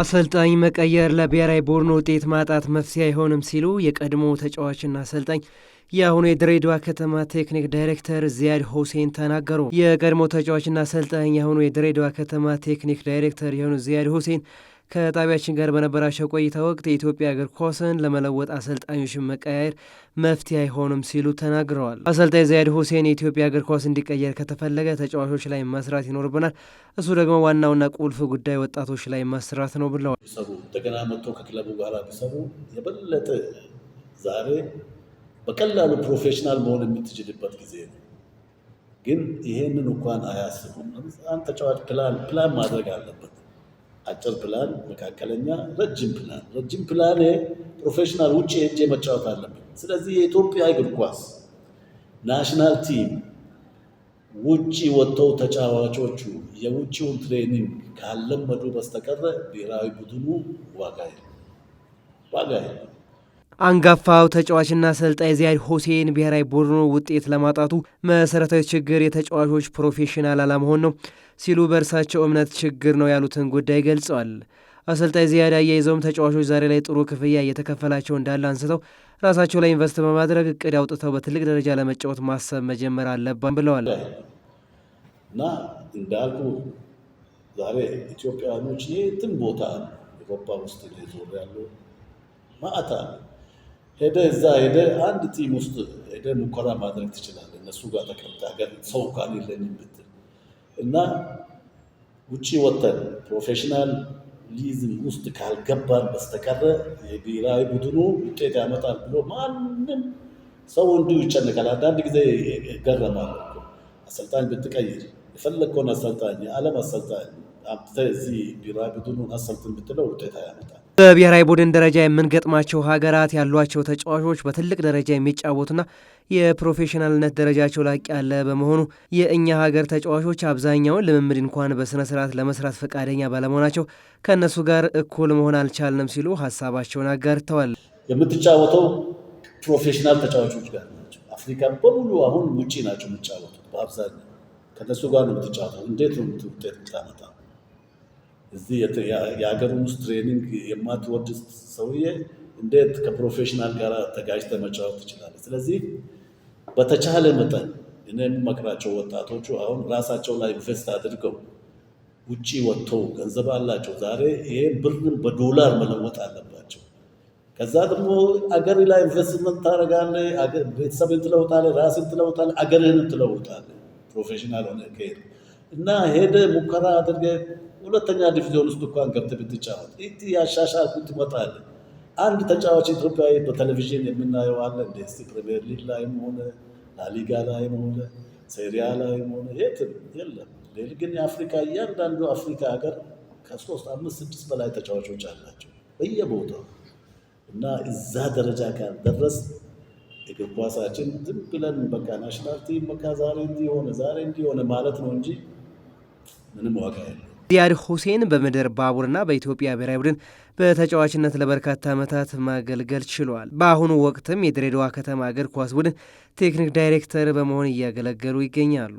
አሰልጣኝ መቀየር ለብሔራዊ ቡድኑ ውጤት ማጣት መፍትሄ አይሆንም ሲሉ የቀድሞ ተጫዋችና አሰልጣኝ የአሁኑ የድሬዳዋ ከተማ ቴክኒክ ዳይሬክተር ዚያድ ሁሴን ተናገሩ። የቀድሞ ተጫዋችና አሰልጣኝ የአሁኑ የድሬዳዋ ከተማ ቴክኒክ ዳይሬክተር የሆኑ ዚያድ ሁሴን ከጣቢያችን ጋር በነበራቸው ቆይታ ወቅት የኢትዮጵያ እግር ኳስን ለመለወጥ አሰልጣኞችን መቀያየር መፍትሄ አይሆንም ሲሉ ተናግረዋል። አሰልጣኝ ዘያድ ሁሴን የኢትዮጵያ እግር ኳስ እንዲቀየር ከተፈለገ ተጫዋቾች ላይ መስራት ይኖርብናል፣ እሱ ደግሞ ዋናውና ቁልፍ ጉዳይ ወጣቶች ላይ መስራት ነው ብለዋል። ሰሩ እንደገና መጥቶ ከክለቡ ጋር ቢሰሩ የበለጠ ዛሬ በቀላሉ ፕሮፌሽናል መሆን የምትችልበት ጊዜ ነው። ግን ይሄንን እንኳን አያስቡም። አንድ ተጫዋች ፕላን ማድረግ አለበት አጭር ፕላን፣ መካከለኛ፣ ረጅም ፕላን። ረጅም ፕላን ፕሮፌሽናል ውጭ ሄጄ መጫወት አለብን። ስለዚህ የኢትዮጵያ እግር ኳስ ናሽናል ቲም ውጭ ወጥተው ተጫዋቾቹ የውጭውን ትሬኒንግ ካለመዱ በስተቀረ ብሔራዊ ቡድኑ ዋጋ የለም ዋጋ የለም። አንጋፋው ተጫዋችና አሰልጣኝ ዚያድ ሁሴን ብሔራዊ ቡድኑ ውጤት ለማጣቱ መሰረታዊ ችግር የተጫዋቾች ፕሮፌሽናል አለመሆን ነው ሲሉ በእርሳቸው እምነት ችግር ነው ያሉትን ጉዳይ ገልጸዋል። አሰልጣኝ ዚያድ አያይዘውም ተጫዋቾች ዛሬ ላይ ጥሩ ክፍያ እየተከፈላቸው እንዳለ አንስተው ራሳቸው ላይ ኢንቨስት በማድረግ እቅድ አውጥተው በትልቅ ደረጃ ለመጫወት ማሰብ መጀመር አለባም ብለዋል። እና እንዳልኩ ዛሬ ኢትዮጵያኖች የትም ቦታ ኢሮፓ ውስጥ ዞር ያለው ማዕት ሄደ እዛ ሄደ አንድ ቲም ውስጥ ሄደ ሙከራ ማድረግ ትችላለህ። እነሱ ጋር ተቀምጠ ሀገር ሰው ካል የለኝም ብትል እና ውጭ ወተን ፕሮፌሽናል ሊዝም ውስጥ ካልገባን በስተቀረ የብሔራዊ ቡድኑ ውጤት ያመጣል ብሎ ማንም ሰው እንዲሁ ይጨነቃል። አንዳንድ ጊዜ ገረማል። አሰልጣኝ ብትቀይር የፈለግከውን አሰልጣኝ የዓለም አሰልጣኝ እዚህ ብሔራዊ ቡድኑን አሰልጥን ብትለው ውጤት አያመጣል። በብሔራዊ ቡድን ደረጃ የምንገጥማቸው ሀገራት ያሏቸው ተጫዋቾች በትልቅ ደረጃ የሚጫወቱና የፕሮፌሽናልነት ደረጃቸው ላቅ ያለ በመሆኑ የእኛ ሀገር ተጫዋቾች አብዛኛውን ልምምድ እንኳን በሥነ ስርዓት ለመስራት ፈቃደኛ ባለመሆናቸው ከእነሱ ጋር እኩል መሆን አልቻልንም ሲሉ ሀሳባቸውን አጋርተዋል። የምትጫወተው ፕሮፌሽናል ተጫዋቾች ጋር ናቸው። አፍሪካ በሙሉ አሁን ውጪ ናቸው የሚጫወቱት በአብዛኛው ከእነሱ ጋር ነው የምትጫወተው። እንዴት ነው ውጤት የምታመጣው? እዚህ የሀገሩን ውስጥ ትሬኒንግ የማትወድ ሰውዬ እንዴት ከፕሮፌሽናል ጋር ተጋጅተ መጫወት ትችላለ? ስለዚህ በተቻለ መጠን እኔ የምመክራቸው ወጣቶቹ አሁን ራሳቸው ላይ ኢንቨስት አድርገው ውጭ ወጥተው ገንዘብ አላቸው። ዛሬ ይሄን ብርን በዶላር መለወጥ አለባቸው። ከዛ ደግሞ አገር ላይ ኢንቨስትመንት ታደርጋለህ፣ ቤተሰብን ትለውጣለ፣ ራስን ትለውጣለ፣ አገርህን ትለውጣለ። ፕሮፌሽናል ሆነ ከሄድ እና ሄደ ሙከራ አድርገ ሁለተኛ ዲቪዚዮን ውስጥ እንኳን ገብተ ብትጫወት እቲ ያሻሻልኩት ትመጣለ። አንድ ተጫዋች ኢትዮጵያ በቴሌቪዥን የምናየው አለ እንደ ስ ፕሪሚየር ሊግ ላይም ሆነ ላሊጋ ላይም ሆነ ሴሪያ ላይም ሆነ የትም የለም። ሌል ግን የአፍሪካ እያንዳንዱ አፍሪካ ሀገር ከሶስት አምስት ስድስት በላይ ተጫዋቾች አላቸው በየቦታው እና እዛ ደረጃ ካልደረስ እግር ኳሳችን ዝም ብለን በቃ ናሽናል ቲም በቃ ዛሬ እንዲሆነ ዛሬ እንዲሆነ ማለት ነው እንጂ ምንም ዋጋ ዚያድ ሁሴን በምድር ባቡርና በኢትዮጵያ ብሔራዊ ቡድን በተጫዋችነት ለበርካታ ዓመታት ማገልገል ችሏል። በአሁኑ ወቅትም የድሬዳዋ ከተማ እግር ኳስ ቡድን ቴክኒክ ዳይሬክተር በመሆን እያገለገሉ ይገኛሉ።